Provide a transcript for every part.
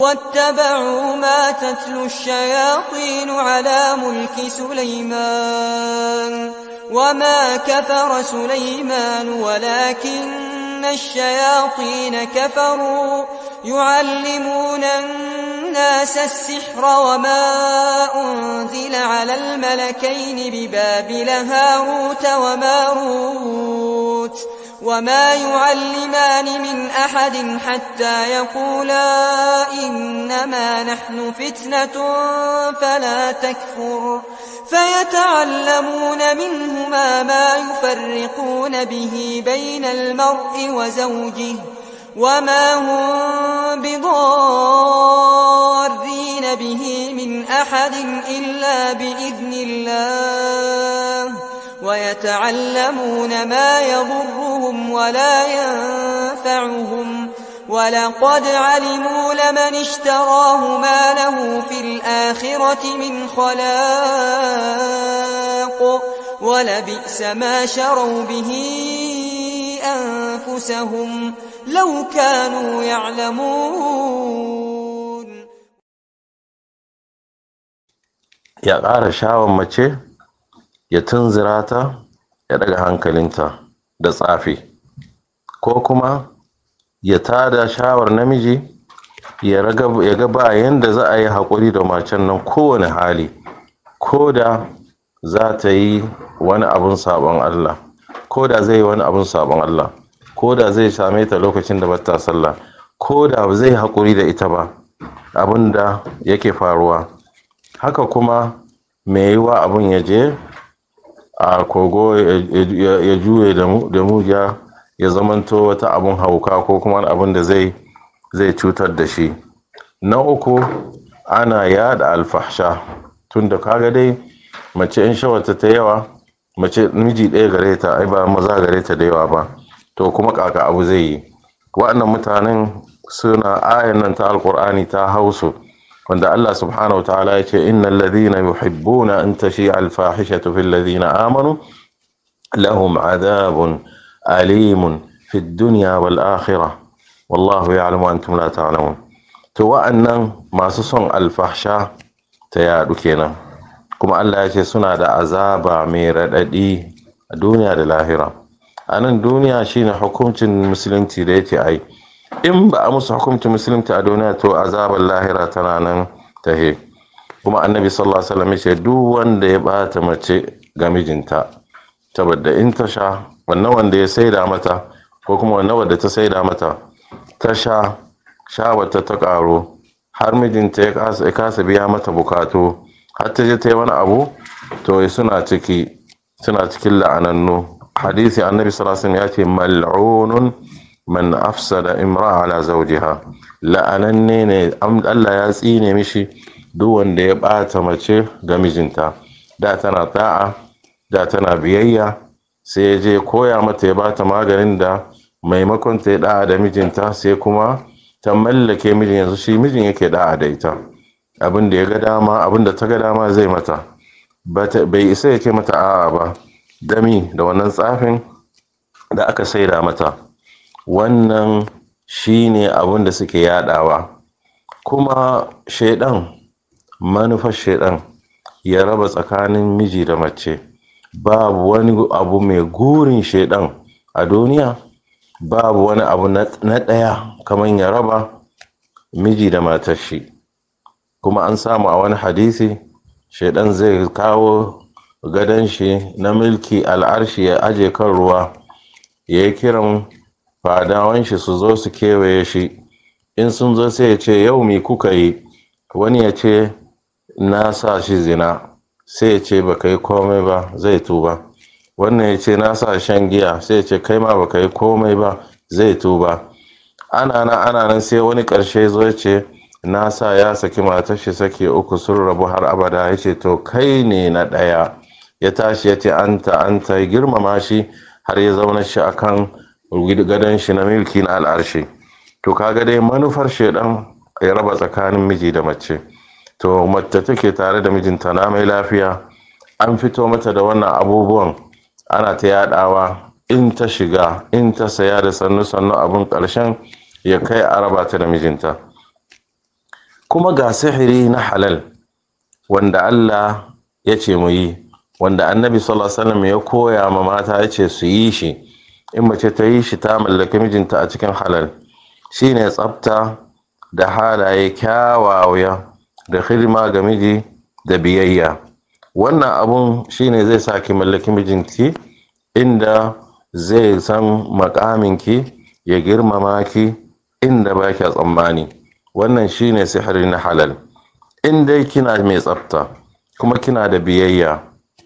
واتبعوا ما تتلو الشياطين على ملك سليمان وما كفر سليمان ولكن الشياطين كفروا يعلمون الناس السحر وما أنزل على الملكين ببابل هاروت وماروت وما يعلمان من أحد حتى يقولا إنما نحن فتنة فلا تكفر فيتعلمون منهما ما يفرقون به بين المرء وزوجه وما هم بضارين به من أحد إلا بإذن الله ويتعلمون ما يضرهم ولا ينفعهم ولقد علموا لمن اشتراه ما له في الآخرة من خلاق ولبئس ما شروا به أنفسهم لو كانوا يعلمون يا قارة شاوم مچه ya tunzura ta ya daga hankalinta da tsafi ko kuma ya tada shawar namiji ya ga ba yanda za a yi hakuri da macen nan kowane hali ko da za ta yi wani abun sabon Allah ko da zai yi wani abun sabon Allah ko da zai same ta lokacin da bata sallah ko da zai haƙuri da ita ba abin da yake faruwa haka kuma mai yiwa abun ya je a kogo ya juye da mugiya ya zamanto wata abun hauka ko kuma abun da zai zai cutar da shi na uku ana yada alfahsha tunda kaga dai mace in shawarta ta yawa mace miji ɗaya gare ta ai ba maza gare ta da yawa ba to kuma kaka abu zai yi wa'annan mutanen suna ayan nan ta alkur'ani ta hausu wanda Allah subhanahu wa ta'ala ya ce innal ladhina yuhibbuna an tashi'a al-fahishatu fil ladhina amanu lahum adhabun alimun fid dunya wal akhirah wallahu ya'lamu antum la ta'lamun to wa'annan masu son alfahsha ta yadu kenan kuma Allah ya ce suna da azaba mai radadi a duniya da lahira a nan duniya shine hukuncin musulunci da yake ai in ba a musu hukunta musulunta a duniya to azabar lahira tana nan he kuma annabi sallallahu alaihi wasallam yace duk wanda ya bata mace ga mijinta saboda in ta sha wannan wanda ya saida mata ko kuma wannan wanda ta saida mata ta sha shawarta ta karo har mijinta ya kasa biya mata bukatu har ta je ta yi wani abu to suna ciki suna cikin la'anannu hadisi annabi sallallahu alaihi wasallam ya ce mal'unun man afsada imra ala zawjiha la'ananne ne Allah ya tsine mishi duk wanda ya bata mace ga mijinta da tana ta'a da tana biyayya sai ya je koya mata ya bata maganin da maimakon ta yi da'a da mijinta sai kuma ta mallake mijin yanzu shi mijin yake da'a da ita abin da ya ga dama abin da ta ga dama zai mata bai isa ya ce mata a'a ba dami da wannan tsafin da aka saida mata wannan shine abin da suke yadawa kuma shaidan manufar shaidan ya raba tsakanin miji da mace babu wani abu mai gurin shaidan a duniya babu wani abu na ɗaya kamar ya raba miji da matar shi kuma an samu a wani hadisi shaidan zai kawo gadon shi na milki al'arshi ya aje kan ruwa ya yi kiran fadawan shi su zo su kewaye shi in sun zo sai ya ce yau me kuka yi wani ya ce na sa shi zina sai ya ce baka yi komai ba zai tuba wannan ya ce na sa shan giya sai ya ce kai ma baka yi komai ba zai tuba ana nan ana nan sai wani karshe zo ya ce na sa ya saki matar shi sake uku sun rabu har abada ya ce to kai ne na ɗaya ya tashi ya ce anta anta girmama shi har ya zauna shi akan gadon shi na milki na al'arshe to kaga dai manufar shedan ya raba tsakanin miji da mace to mace take tare da mijinta na mai lafiya an fito mata da wannan abubuwan ana ta yadawa in ta shiga in ta saya da sannu sannu abin karshen ya kai a raba ta da mijinta kuma ga sihiri na halal wanda Allah ya ce mu yi wanda annabi sallallahu alaihi wasallam ya koya ma mata yace su yi shi in mace ta yi shi ta mallaki mijinta a cikin halal shine tsafta da halaye kyawawa da hidima ga miji da biyayya wannan abun shine zai sa ki mallaki mijinki inda zai san makaminki ya girmama ki inda ba tsammani wannan shine sihiri na halal in dai kina mai tsafta kuma kina da biyayya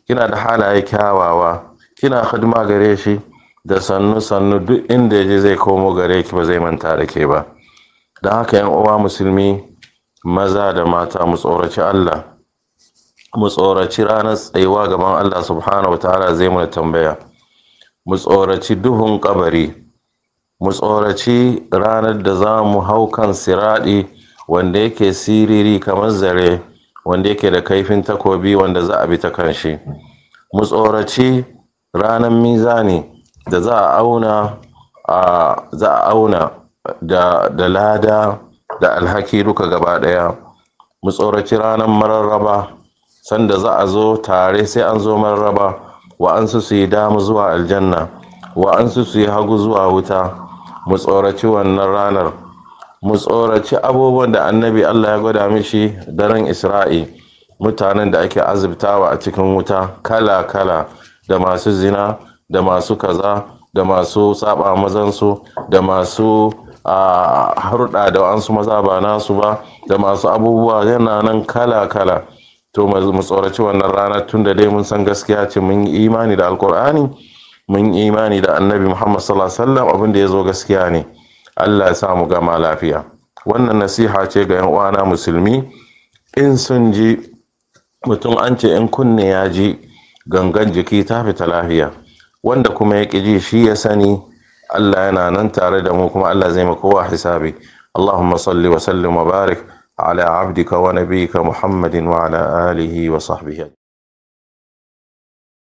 kina da halaye kyawawa kina hidima gare shi da sannu sannu duk inda ya je zai komo gare ki ba zai manta da ke ba don haka yan uwa musulmi maza da mata mu tsoraci Allah mu tsoraci ranar tsayuwa gaban Allah subhanahu ta'ala zai mu tambaya mu tsoraci duhun kabari mu tsoraci ranar da za mu hau kan siraɗi wanda yake siriri kamar zare wanda yake da kaifin takobi wanda za a bi ta kan mu tsoraci ranar mizani da za a auna za a auna da da lada da alhaki duka gaba daya mu tsoraci ranar mararraba sanda za a zo tare sai an zo mararraba wa an su yi damu zuwa aljanna wa an su yi hagu zuwa wuta mu tsoraci wannan ranar mu tsoraci abubuwan da annabi Allah ya gwada mishi daren isra'i mutanen da ake azubtawa a cikin wuta kala-kala da masu zina da masu kaza da masu saba mazansu da masu a harɗa da wa'ansu maza ba nasu ba da masu abubuwa yana nan kala-kala to mu tsoraci wannan ranar tun da dai mun san gaskiya ce mun yi imani da alkur'ani mun yi imani da annabi muhammad sallallahu alaihi wasallam abin da ya zo gaskiya ne allah ya sa mu gama lafiya wannan nasiha ce ga yan uwana musulmi in sun ji mutum an ce in kunne ya ji gangan jiki ta fita lafiya wanda kuma ya ƙi shi ya sani Allah yana nan tare da mu kuma Allah zai maka kowa hisabi Allahumma salli wa sallim wa barik ala abdika wa nabiyyika Muhammadin wa ala alihi wa sahbihi